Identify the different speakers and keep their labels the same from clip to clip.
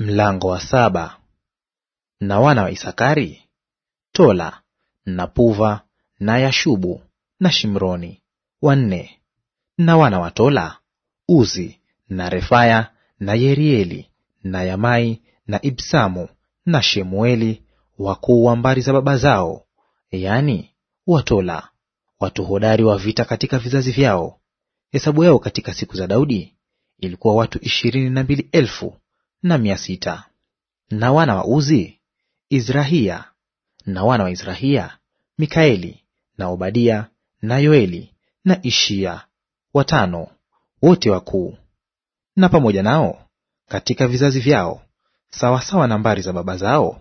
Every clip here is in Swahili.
Speaker 1: Mlango wa saba. Na wana wa Isakari Tola na Puva na Yashubu na Shimroni wanne. Na wana wa Tola Uzi na Refaya na Yerieli na Yamai na Ibsamu na Shemueli wakuu wa mbari za baba zao, yaani Watola, watu hodari wa vita katika vizazi vyao. Hesabu yao katika siku za Daudi ilikuwa watu ishirini na mbili elfu na mia sita. Na wana wa Uzi Izrahia, na wana wa Izrahia Mikaeli na Obadia na Yoeli na Ishia, watano wote wakuu. Na pamoja nao katika vizazi vyao sawasawa na nambari za baba zao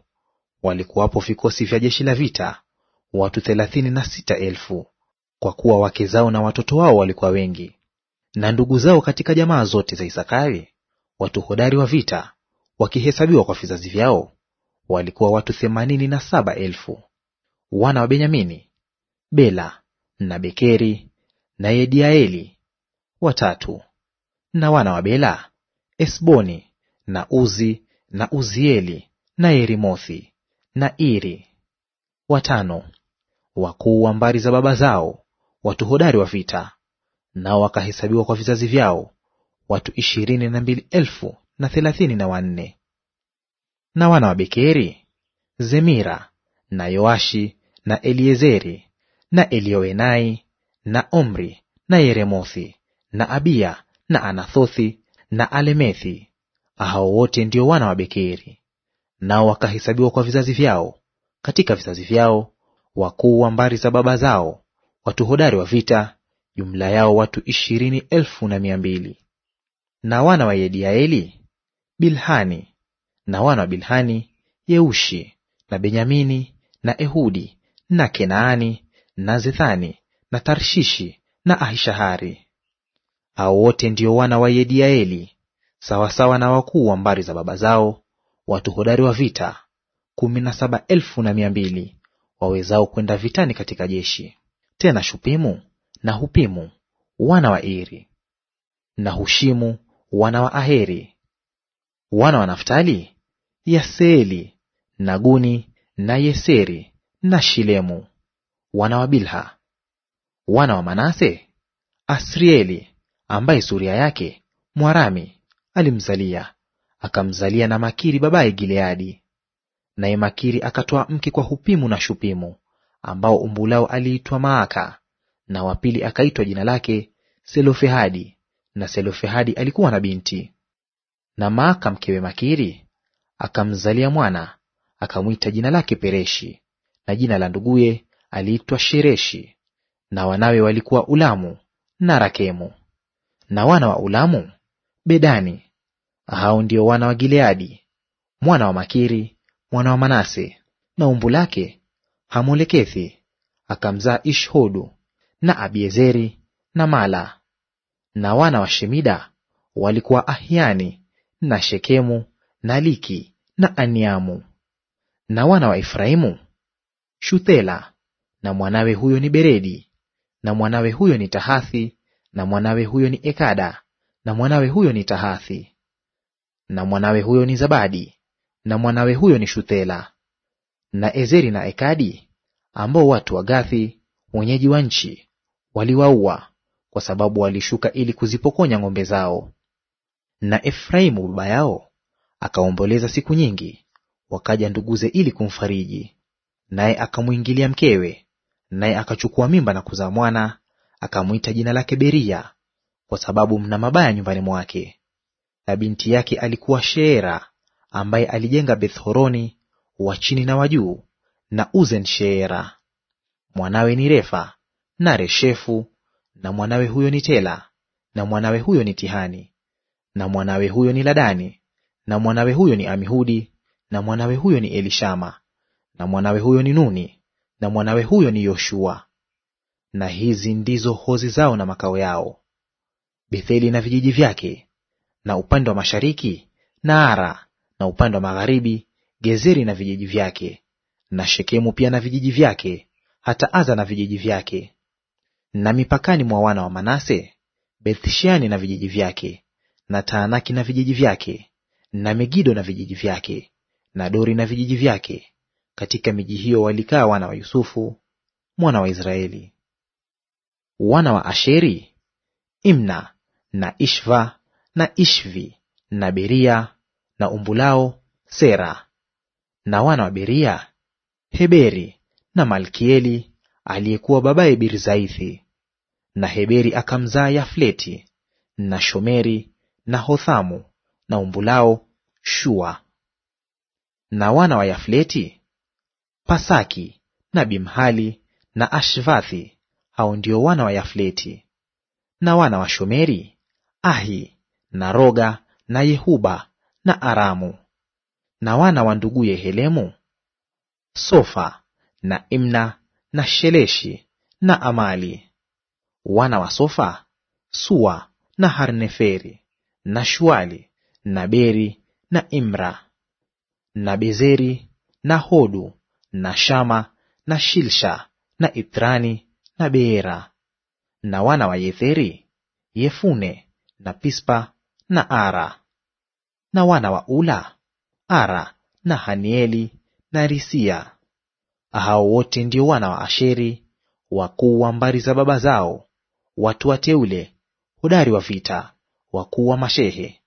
Speaker 1: walikuwapo vikosi vya jeshi la vita watu thelathini na sita elfu, kwa kuwa wake zao na watoto wao walikuwa wengi. Na ndugu zao katika jamaa zote za Isakari watu hodari wa vita wakihesabiwa kwa vizazi vyao walikuwa watu themanini na saba elfu. Wana wa Benyamini, Bela na Bekeri na Yediaeli watatu. Na wana wa Bela, Esboni na Uzi na Uzieli na Yerimothi na Iri watano. Wakuu wa mbari za baba zao, watu hodari wa vita, nao wakahesabiwa kwa vizazi vyao watu ishirini na mbili elfu na thelathini na wanne. Na wana wa Bekeri Zemira na Yoashi na Eliezeri na eliowenai na Omri na Yeremothi na Abia na Anathothi na Alemethi. Hao wote ndio wana wa Bekeri. Nao wakahesabiwa kwa vizazi vyao, katika vizazi vyao, wakuu wa mbari za baba zao, watu hodari wa vita, jumla yao watu ishirini elfu na mia mbili na wana wa Yediaeli Bilhani, na wana wa Bilhani Yeushi na Benyamini na Ehudi na Kenaani na Zethani na Tarshishi na Ahishahari. Hao wote ndio wana wa Yediaeli sawasawa na wakuu wa mbari za baba zao, watu hodari wa vita kumi na saba elfu na mia mbili wawezao kwenda vitani katika jeshi. Tena Shupimu na Hupimu wana wa Iri na Hushimu Wana wa Aheri. Wana wa Naftali, Yaseeli na Guni na Yeseri na Shilemu. Wana wa Bilha. Wana wa Manase, Asrieli ambaye suria yake Mwarami alimzalia, akamzalia na Makiri babaye Gileadi. Naye Makiri akatoa mke kwa Hupimu na Shupimu ambao umbulao aliitwa Maaka, na wapili akaitwa jina lake Selofehadi na Selofehadi alikuwa na binti. Na Maaka mkewe Makiri akamzalia mwana, akamwita jina lake Pereshi, na jina la nduguye aliitwa Shereshi. Na wanawe walikuwa Ulamu na Rakemu. Na wana wa Ulamu Bedani. Hao ndio wana wa Gileadi mwana wa Makiri mwana wa Manase, na umbu lake Hamolekethi. Akamzaa Ishhodu na Abiezeri na Mala na wana wa Shemida walikuwa Ahiani na Shekemu na Liki na Aniamu. Na wana wa Efraimu Shuthela na mwanawe huyo ni Beredi na mwanawe huyo ni Tahathi na mwanawe huyo ni Ekada na mwanawe huyo ni Tahathi na mwanawe huyo ni Zabadi na mwanawe huyo ni Shuthela na Ezeri na Ekadi ambao watu wa Gathi wenyeji wa nchi waliwaua kwa sababu walishuka ili kuzipokonya ng'ombe zao. Na Efraimu baba yao akaomboleza siku nyingi, wakaja nduguze ili kumfariji. Naye akamwingilia mkewe, naye akachukua mimba na kuzaa mwana, akamwita jina lake Beria, kwa sababu mna mabaya nyumbani mwake. Na binti yake alikuwa Sheera, ambaye alijenga Bethhoroni wa chini na wa juu, na Uzen Sheera. Mwanawe ni Refa na Reshefu na mwanawe huyo ni Tela, na mwanawe huyo ni Tihani, na mwanawe huyo ni Ladani, na mwanawe huyo ni Amihudi, na mwanawe huyo ni Elishama, na mwanawe huyo ni Nuni, na mwanawe huyo ni Yoshua. Na hizi ndizo hozi zao na makao yao: Betheli na vijiji vyake, na upande wa mashariki Naara, na upande wa magharibi Gezeri na vijiji vyake, na Shekemu pia na vijiji vyake, hata Aza na vijiji vyake, na mipakani mwa wana wa Manase, beth na vijiji vyake, na Taanaki na vijiji vyake, na Megido na vijiji vyake, na Dori na vijiji vyake. Katika miji hiyo walikaa wana wa Yusufu mwana wa Israeli. Wana wa Asheri, Imna na Ishva na Ishvi na Beria na umbulao Sera. Na wana wa Beria, Heberi na Malkieli aliyekuwa babaye Birzaithi. Na Heberi akamzaa Yafleti na Shomeri na Hothamu na umbulao Shua. Na wana wa Yafleti Pasaki na Bimhali na Ashvathi, hao ndio wana wa Yafleti. Na wana wa Shomeri Ahi na Roga na Yehuba na Aramu. Na wana wa nduguye Helemu Sofa na Imna na Sheleshi na Amali. Wana wa Sofa, Sua na Harneferi na Shuali na Beri na Imra na Bezeri na Hodu na Shama na Shilsha na itrani na Beera. Na wana wa Yetheri, Yefune na Pispa na Ara. Na wana wa Ula, Ara na Hanieli na Risia. Hao wote ndio wana wa Asheri, wakuu wa mbari za baba zao, watu wateule, hodari wa vita, wakuu wa mashehe.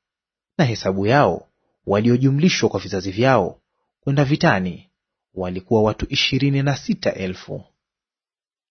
Speaker 1: Na hesabu yao waliojumlishwa kwa vizazi vyao kwenda vitani walikuwa watu ishirini na sita elfu.